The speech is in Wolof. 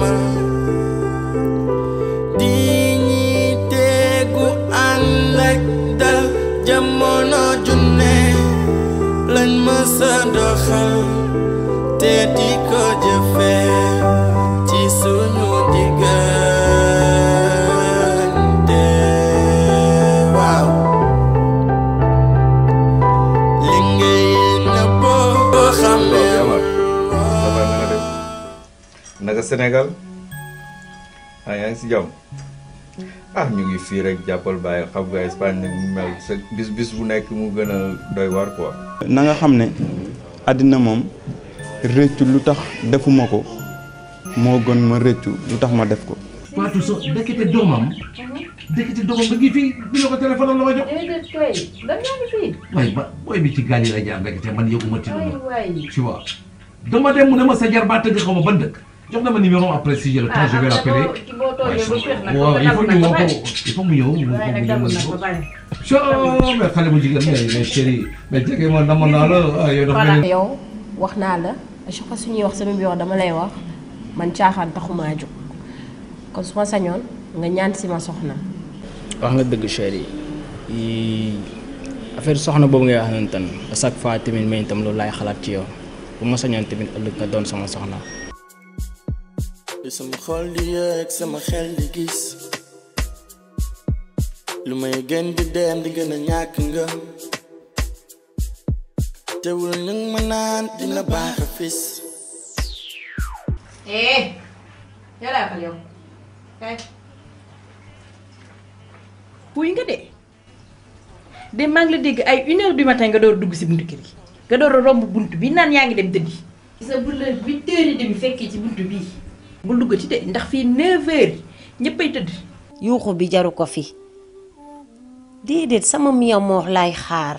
ma dignité gu ànd ak dal jamono junne lañ ma sa doxal te di ko naka Sénégal ah yaa ngi si jàmm ah ñu ngi fii rek jàppal bàyyi xam nga Espagne nag mu mel sa bis bis bu nekk mu gën a doy waar quoi. na xam ne àddina moom rëccu lu tax defuma ko moo gën ma rëccu lu tax ma def ko. Fatou so dëkkite doomam dëkkite doomam ma eh, ci gaal la jaar rek te man ma ci sa jar baa tëgg xaw ma ban dëkk. jox na ma numéro après si j'ai ah, ah, le naa la ah, yow dafa mel wax naa la à chaque fois suñuy wax dama lay wax man caaxaan taxumaa jóg kon su ma sañoon nga ñaan si ma soxna wax nga dëgg chérie yi affaire soxna boobu ngay wax nan tan à chaque fois tamit man itam loolu laay xalaat ci yow bu ma sañoon tamit ëllëg nga doon sama soxna li sama xol di yëg sama xel di gis lu may gën di dem gën a ñàkk nga teewul ñu ngi ma naan dina baax a fis eh yow laa eh. fal yow kay puy nga de de maa la dégg ay une heure du matin nga door dugg si buntu kër gi nga door a romb buntu bi naan yaa ngi dem tëddi gis nga bu la huit heures et demi fekkee ci buntu bii bu dugg ci de ndax fii 9h ñëppay tëdd. yuuxu bi jaru ko fi déedéet sama miya moox laay xaar.